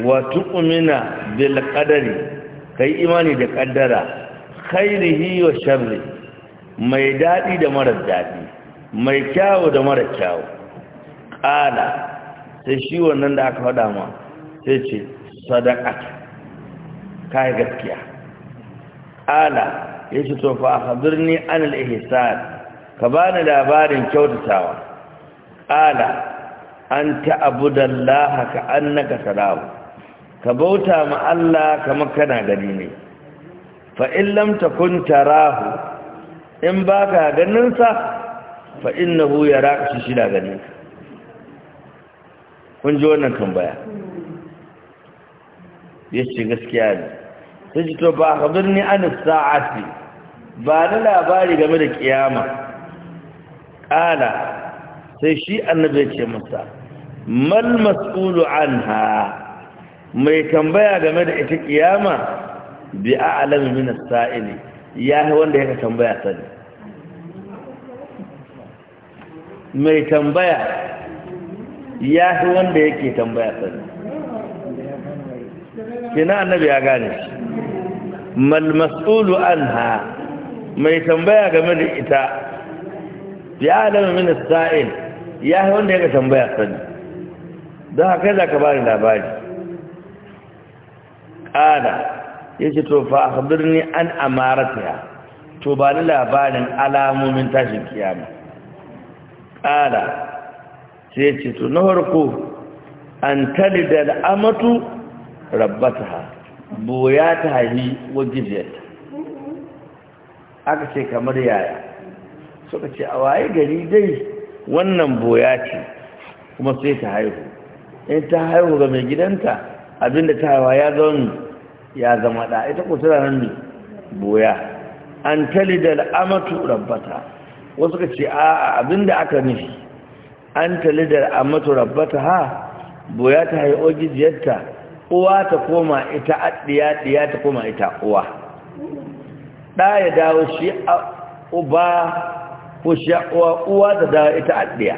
wa tu'mina bil qadari ka yi imani da ƙaddara khairihi wa sharri mai daɗi da mara daɗi mai kyawu da mara kyawu ƙala sai shi wannan da aka faɗa ma sai ce ka kai gaskiya ƙala ya ce to fa akhbirni an al ihsan ka bani labarin kyautatawa ƙala an ta'budallaha ka annaka tarahu ka bauta ma Allah kamar kana gani ne fa in lam takun tarahu in baka ganin sa fa innahu yaraka shi da gani kun ji wannan tambaya yace gaskiya ne sai to ba khabirni an sa'ati ba da labari game da kiyama kala sai shi annabi ya ce masa mal mas'ulu anha mai tambaya game da ita kiyama bi a'lam min as-sa'ili yahi wanda yake tambaya sani mai tambaya yahi wanda yake tambaya sani kina annabi ya gane shi mal mas'ulu anha mai tambaya game da ita bi a'lam min as-sa'il wanda yake tambaya sani don haka za ka bari labari ƙada ya ce to fa a birni an amaratiya to ba ni labarin alamomin tashin kiyama ƙada sai ce to na harko an da al'amatu rabbata boya ta haihi wajibiyarta aka ce kamar yaya suka ce a waye gari dai wannan boya ce kuma sai ta haihu in ta haihu ga mai gidanta abinda ta haihuwa ya zaune ya zama da ita ko tana nan ne boya an tali da al'amatu rabbata wasu ka ce a abinda aka nufi an tali da al'amatu rabbata ha boya ta haihuwa gijiyarta uwa ta koma ita addiya diya ta koma ita uwa da ya dawo shi uba ko shi uwa uwa ta dawo ita addiya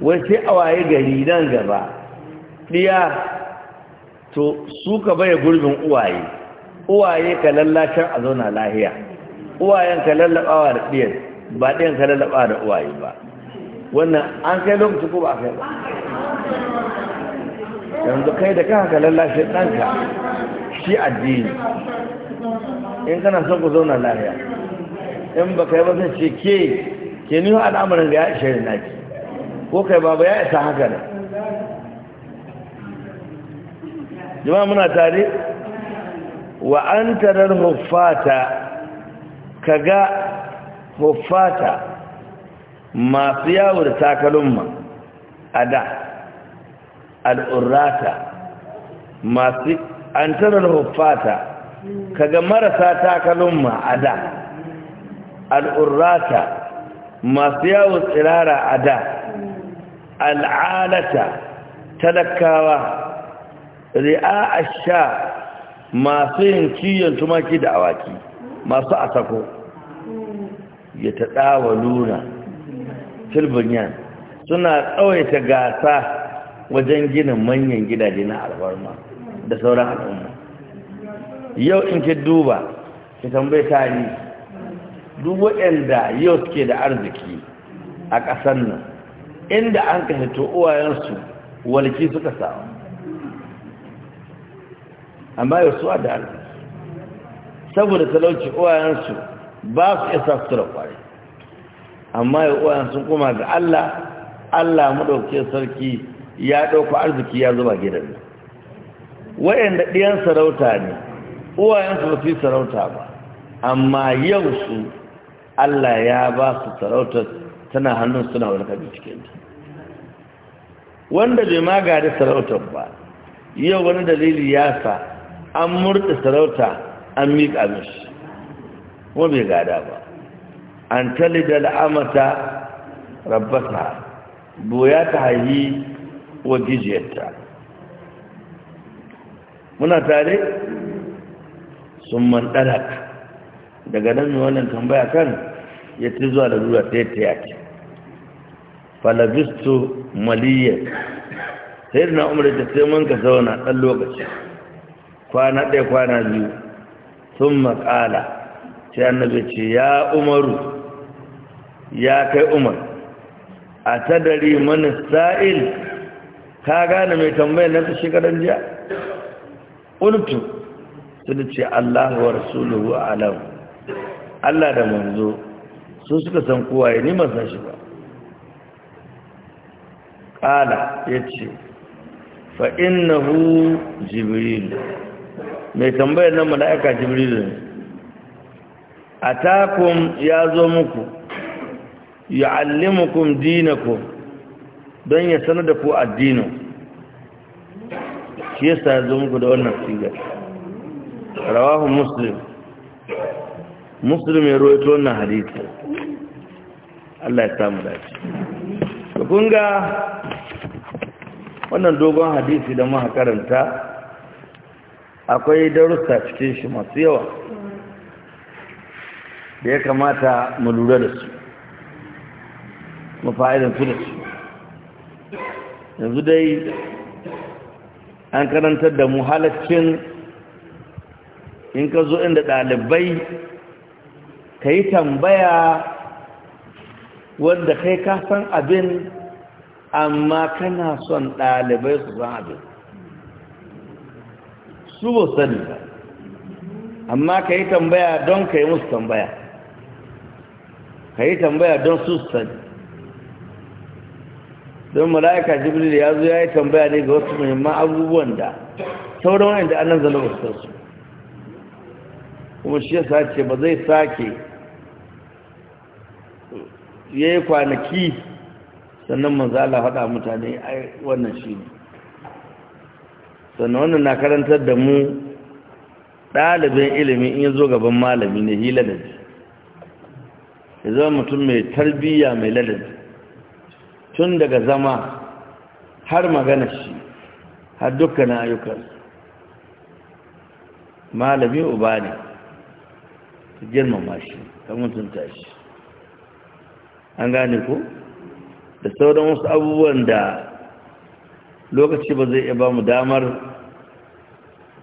wai sai a waye gari nan gaba ɗiya to su ka baya gurbin uwaye uwaye ka lallacin a zauna lahiya uwayen ka lallabawa da ɗiyar ba ɗiyan ka lallabawa da uwaye ba wannan an kai lokaci ko ba a kai ba yanzu kai da kan ka lallashe ɗanka shi addini in kana son ku zauna lahiya in ba kai ba zai ce ke ke niho al'amarin da ya ishe naki ko kai baba ya isa haka jama'a muna tare wa an tarar huffata kaga huffata masu yawo da takalumma a da al'urrata masu an tarar huffata kaga marasa takalumma a da al'urrata masu yawo tsirara a da al'alata talakawa ri'a asha masu yin kiyon tumaki da awaki masu asako ya ta ɗawa luna filbinyan suna tsawaita gasa wajen ginin manyan gidaje na alfarma da sauran al'umma yau in ki duba ki tambayi tarihi duk waɗanda yau suke da arziki a ƙasar nan inda an ka hito uwayensu walki suka samu amma yau suwa da saboda talauci uwayensu ba su iya sa kwari amma yau uwayensu kuma ga Allah Allah madauke sarki ya ɗauka arziki ya zuba gidan wayanda ɗiyan sarauta ne uwayensu ba su yi sarauta ba amma yau su Allah ya ba su sarautar tana hannun suna wani kabi ta wanda bai ma gari sarautar ba yau wani dalili ya sa an murta sarauta an miƙa mishi kuma bai gada ba an talida la'amata rabbata boya ta haihi wa gijiyarta muna tare sun man daga nan wannan tambaya kan ya ci zuwa da zuwa ta yadda yake maliyar sai na umar da sai mun ka zauna ɗan lokaci kwana ɗaya kwana biyu sun maƙala sai annabi ce ya umaru ya kai umar a tadari mani sa'il ka gane mai tambayar na ta shekaran jiya ƙuntu sun ce allahu wa rasuluhu alam allah da manzo su suka san kowa ya nima san shi ba ƙala ya ce fa'in na hu jibrilu mai tambayar nan mala'ika jibrilu ne atakum ya zo muku yu'allimukum dinakum don ya sanar da ku addinin shi yasa ya zo muku da wannan siga rawahu muslim muslim ya rawaito wannan hadisi Allah ya samu dace kun ga wannan dogon hadisi da muka karanta akwai darussa cikin shi masu yawa da ya kamata mu lura da su mu fa'idantu da su yanzu dai an karantar da mu halaccin in ka zo inda ɗalibai ka yi tambaya wanda kai kasan abin amma kana son ɗalibai su san abin su ba sani ba amma ka yi tambaya don ka yi musu tambaya ka yi tambaya don su sani don mala'ika jibril ya zo ya yi tambaya ne ga wasu muhimman abubuwan da sauran wani da annan zana wasu su kuma shi ya ce ba zai sake ya yi kwanaki sannan manzala faɗa mutane wannan shi ne sannan wannan na karantar da mu ɗalibin ilimi in ya zo gaban malami ne yi ladabi ya zama mutum mai tarbiyya mai ladabi tun daga zama har magana shi har dukkanin ayyukan malami uba ne ta girmama shi ta mutunta shi an gane ku da sauran wasu abubuwan da lokaci ba zai iya ba mu damar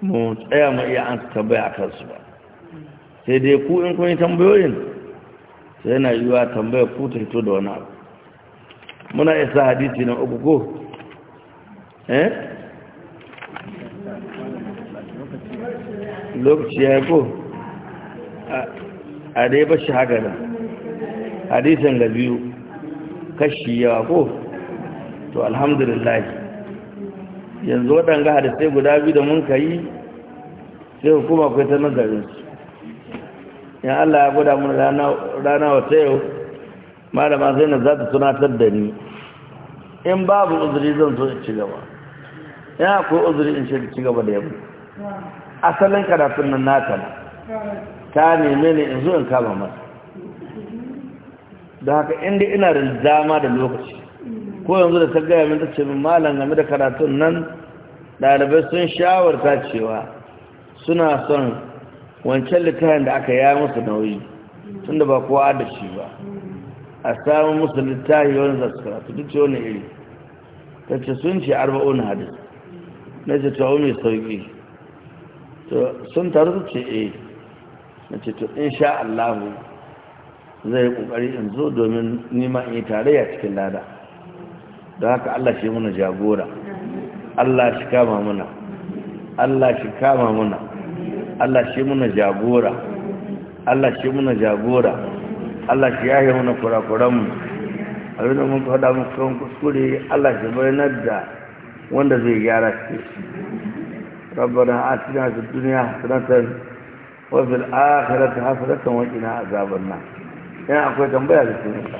mu tsaya mu iya an tambaya a kansu ba sai dai ku in kun yi tambayoyin sai yana yiwuwa tambaya ku ta fito da wani abu muna sa hadisi na uku ko eh lokaci ya yi ko a dai ba shi haka da hadisin ga biyu kashi yawa ko to alhamdulillah yanzu waɗanga sai guda biyu da mun ka yi sai hukuma kai ta nazarin su yan Allah ya gwada mun rana wata yau malama sai na za ta tunatar da ni in babu uzuri zan so in ci gaba ya akwai uzuri in shirin ci gaba da yamma asalin karatun nan naka ta neme ne in zo in kama masa da haka inda ina da dama da lokaci ko yanzu da ta gaya min ta ce min malam game da karatun nan ɗalibai sun shawarta cewa suna son wancan littafin da aka yaya musu nauyi tunda ba kowa da shi ba a samun musu littafi wani za su karatu duk ce wani iri ta ce sun ce arba'un hadis na ce to mai sauki to sun taru su ce eh na ce to sha Allah zai kokari in zo domin nima in yi tarayya cikin lada Don haka Allah shi muna jagora Allah shi kama muna Allah shi kama muna Allah shi muna jagora Allah shi muna jagora Allah shi yahe muna kurakuranmu abin da mun faɗa muku kan kuskure Allah shi bai da wanda zai gyara shi ربنا آتنا في الدنيا حسنة وفي الآخرة حسنة وقنا عذاب yana akwai tambaya da لكم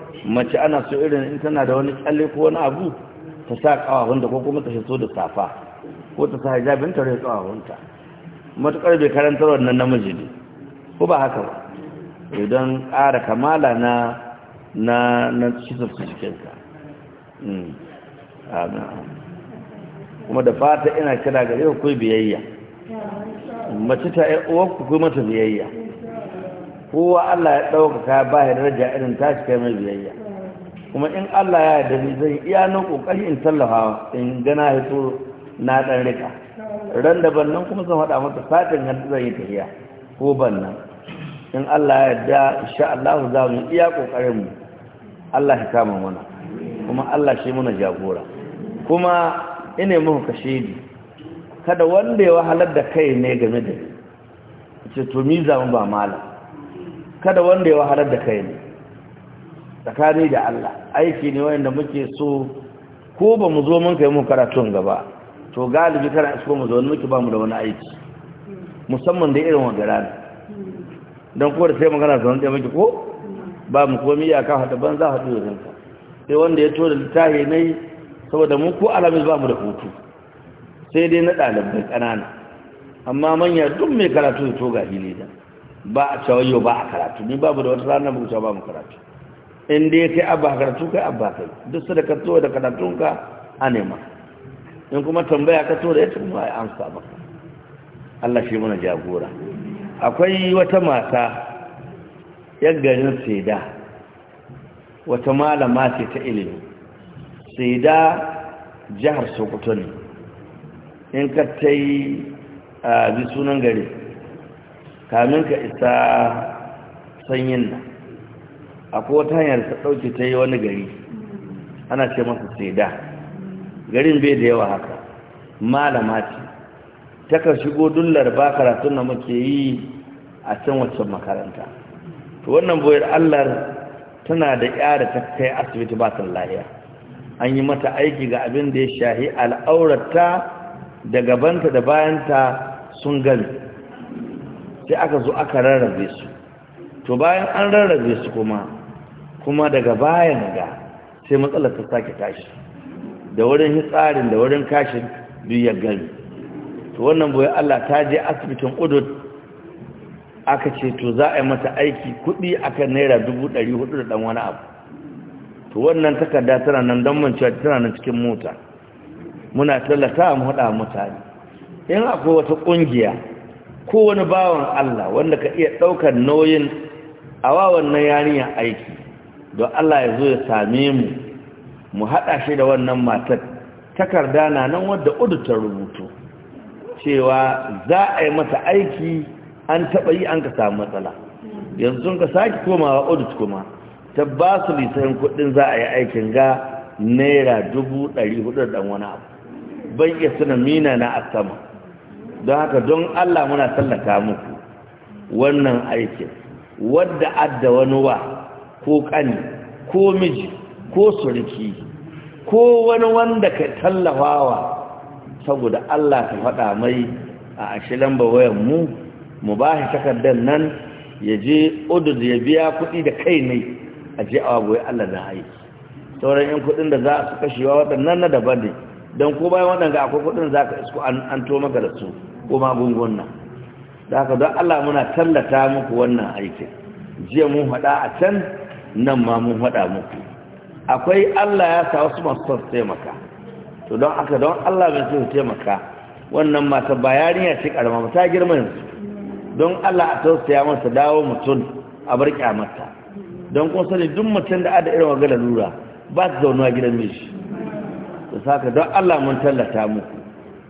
mace ana so irin in tana da wani kyalle ko wani abu ta sa kawawunta ko kuma ta so da safa ko ta sa hijabin ta rai kawawunta matukar bai karanta wannan namiji ne ko ba haka ba idan ƙara kamala na na na shifarsu hmm. kuma da fata ina kira gare ku biyayya mace ta yi ku kuma ta biyayya kowa Allah ya ɗaukaka ba ya daraja irin tashi kai mai biyayya kuma in Allah ya yarda ni zai iya nan kokari in tallafa in gana hito na dan rika ran da bannan kuma zan faɗa masa satin hannu zan yi tafiya ko bannan in Allah ya yarda insha Allah za mu iya kokarin mu Allah ya kama mana kuma Allah shi muna jagora kuma ina muku kashedi kada wanda ya wahalar da kai ne game da ce to mi za mu ba malam kada wanda ya wahalar da kai ne tsakani da Allah aiki ne wanda muke so ko ba mu zo mun kai mu karatun gaba to galibi kana isko mu zo muke ba mu da wani aiki musamman da irin wanda dan ko da sai magana zaune da muke ko ba mu komi ya ka haɗa ban za hadu da da sai wanda ya to da littafi saboda mu ko alami ba mu da hutu sai dai na dalibai ƙanana amma manya duk mai karatu to ga hili da ba a cewa ba a karatu ni babu da wata rana mu cewa ba mu karatu in dai kai abba karatu kai abba kai duk sai da ka da karatunka a nema in kuma tambaya ka to da yace kuma ai amsa ba Allah shi mana jagora akwai wata mata yar garin Saida wata malama ce ta ilimi Saida jihar Sokoto ne in ka tai a bi sunan gari kamin ka isa sanyin nan akwai wata hanyar ta ɗauke ta yi wani gari ana ce masa seda garin bai da yawa haka malama ce Takar shigo dullar ba karatun da muke yi a can waccan makaranta to wannan boyar allar tana da ƙyara ta kai asibiti ba ta lahiya an yi mata aiki ga abin da ya shahi al'aurata da gabanta da bayanta sun gami sai aka zo aka rarrabe su to bayan an rarrabe su kuma kuma daga bayan ga sai matsalar ta sake tashi da wurin hitsarin da wurin kashin biyar gari to wannan boye Allah ta je asibitin udud aka ce to za a yi mata aiki kudi akan naira dubu ɗari hudu da ɗan wani abu to wannan takarda tana nan don mancewa tana nan cikin mota muna tallata mu mutane in akwai wata ƙungiya kowane bawan Allah wanda ka iya ɗaukar nauyin a wawan na yarinyar aiki don Allah ya zo ya same mu mu haɗa shi da wannan matar takarda na nan wadda udu ta rubutu cewa za a yi mata aiki an taɓa yi an ka samu matsala yanzu ka sake komawa udu kuma ta ba su lisan kuɗin za a yi aikin ga naira dubu ɗari hudu da wani abu ban iya suna mina na a sama don haka don Allah muna tallaka muku wannan aikin wadda adda wani wa ko kani ko miji ko suruki, ko wani wanda ka tallafawa saboda Allah ta faɗa mai a ashirin wayan mu mu ba shi takardar nan ya je udud ya biya kuɗi da kai ne a je awa goyi Allah na aiki sauran 'yan kuɗin da za su kashewa waɗannan na daban ne don ko bayan waɗanda akwai kudin za ka isko an to maka da su ko nan da haka don Allah muna tallata muku wannan aikin jiya mun haɗa a can nan ma mun haɗa muku akwai Allah ya sa wasu masu son taimaka to don aka don Allah mai son taimaka wannan mata ba yarinya ce karama ta girma yanzu don Allah a tausaya masa dawo mutum a bar mata. don kun sani duk mutum da ada irin wa lura ba su zaunuwa gidan mishi da saka don Allah mun tallata muku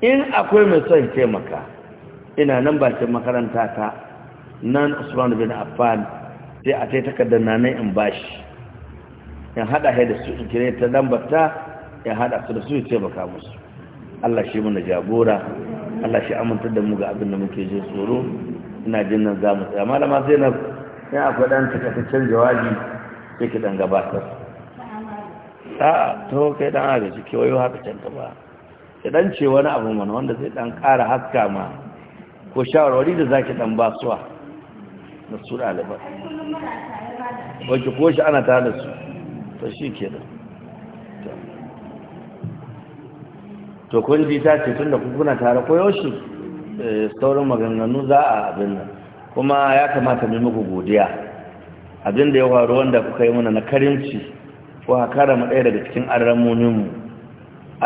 in akwai mai son taimaka ina nan bakin makaranta ta nan Usman bin Affan sai a tai takardar na nan in bashi in hada hai da su kire ta lambar ta in hada su da su taimaka musu Allah shi mun jagora Allah shi amintar da mu ga abin da muke jin tsoro ina jin nan za mu tsaya malama na sai akwai dan takatacen jawabi sai ki dan gabatar a'a to kai dan agaji wayo haka can gaba ya dan ce wani abu mana wanda zai dan ƙara haska ma ko shawarwari da zaki dan basuwa na su ɗaliban wacce ko shi ana ta da su to shi ke da to kun ji ta ce tun da kuna tare ko yaushe eh, sauran maganganu za a abin nan kuma ya kamata mu muku godiya abin da ya faru wanda kuka yi mana na karimci Wa a mu ɗaya daga cikin mu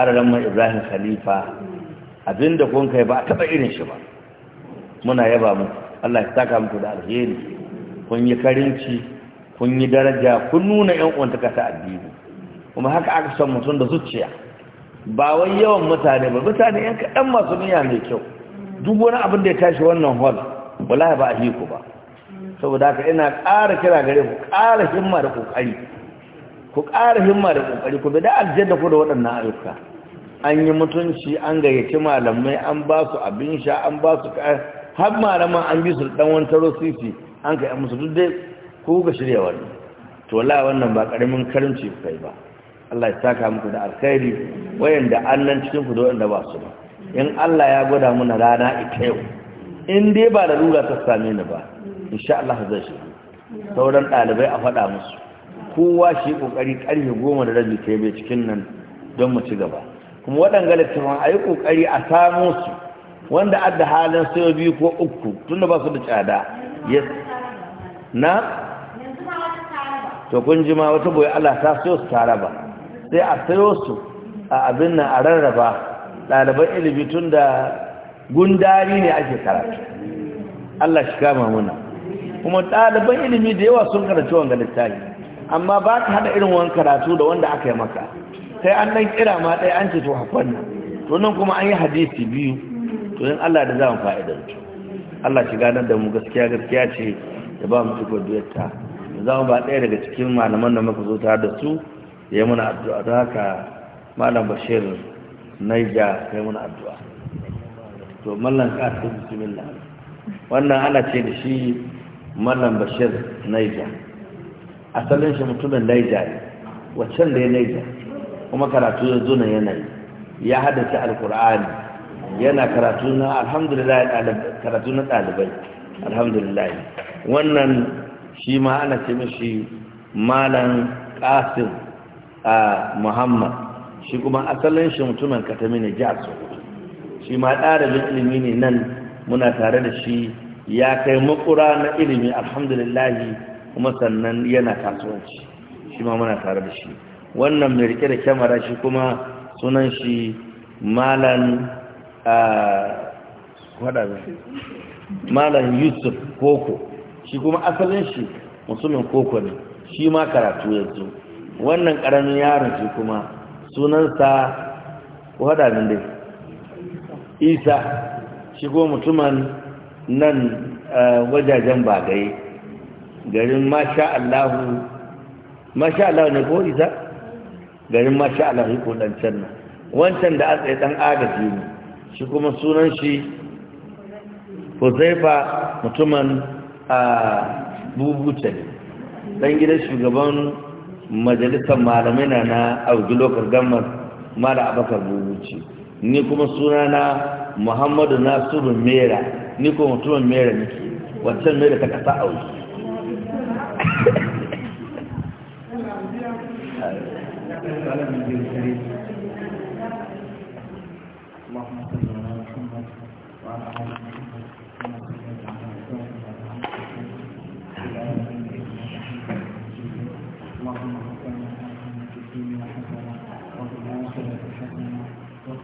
arramar ibrahim khalifa abinda kun kai ba a taɓa irin shi ba muna yaba mu allah ya saka muku da alheri kun yi karinci kun yi daraja kun nuna yan ka ta addini kuma haka aka san mutum da zuciya ba wai yawan mutane ba mutane yan kaɗan masu niyya mai kyau duk wani abin da ya tashi wannan hall wallahi ba a yi ku ba saboda haka ina ƙara kira gare ku ƙara himma da ƙoƙari ku ƙara himma da ƙoƙari ku bada aljanna ku da waɗannan ayyuka an yi mutunci an gayyaci malamai an ba su abin sha an ba su har malaman an bi su dan wani taro an kai musu duk dai ku ga shirya wannan to la wannan ba karamin karimci ku kai ba Allah ya saka muku da alkhairi wayanda annan cikin ku da wanda ba su ba in Allah ya gwada mana rana ita yau in dai ba da lura ta same ni ba insha Allah zai shi sauran dalibai a faɗa musu kowa shi kokari karfe goma da rabi ta bai cikin nan don mu ci gaba kuma waɗanga littafin a yi kokari a samu su wanda adda halin sayo biyu ko uku tun da ba su da tsada na to kun jima wata boye Allah ta sayo su tare ba sai a sayo su a abin nan a rarraba ɗaliban ilimi tun gundari ne ake karatu Allah shi kama muna kuma ɗaliban ilimi da yawa sun karanci wanga littafi amma ba ka hada irin wani karatu da wanda aka yi maka sai an dan kira ma ɗaya an ce to hakan nan to nan kuma an yi hadisi biyu to yin Allah da za mu fa'idar Allah shi ganar da mu gaskiya gaskiya ce da ba mu cikon duyarta za mu ba ɗaya daga cikin malaman da muka zo ta da su ya yi muna addu'a ta haka malam bashir naija ya muna addu'a to mallan ka ta bismillah wannan ana ce da shi mallam bashir naija asalin shi mutumin naija ne waccan da ya naija kuma karatu ya zo na yanayi ya haddace alkur'ani yana karatu na alhamdulillah karatu na ɗalibai alhamdulillah wannan shi ma ana ce mishi malam qasim a muhammad shi kuma asalin shi mutumin katami ne jihar shi ma ɗalibin ilimi ne nan muna tare da shi ya kai makura na ilimi alhamdulillahi kuma sannan yana kasuwanci shi ma muna tare da shi wannan mai rike da kyamara shi kuma sunan shi malan malan yusuf koko shi kuma asalin shi musulmin koko ne shi ma karatu yanzu wannan karamin yaron shi kuma sunansa kwada min dai isa shi kuma mutumin nan wajajen bagaye garin masha Allah masha Allah ne ko isa garin masha Allahu ko dan can nan wancan da aka yi dan agaji ne shi kuma sunan shi Huzaifa mutumin a bubuce ne dan gidan shugaban majalisar malamai na na audu lokar gammar mala abakar bubuce ni kuma sunana muhammadu nasiru mera ni kuma mutumin mera nake wancan mera ta kasa audu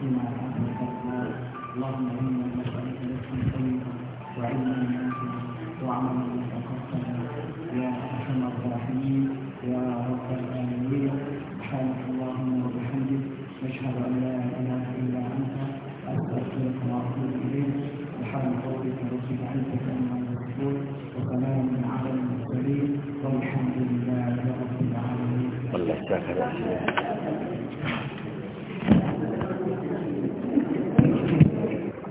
فيما رحمتنا اللهم انا نسالك رزقا طيبا وعلما نافعا وعملا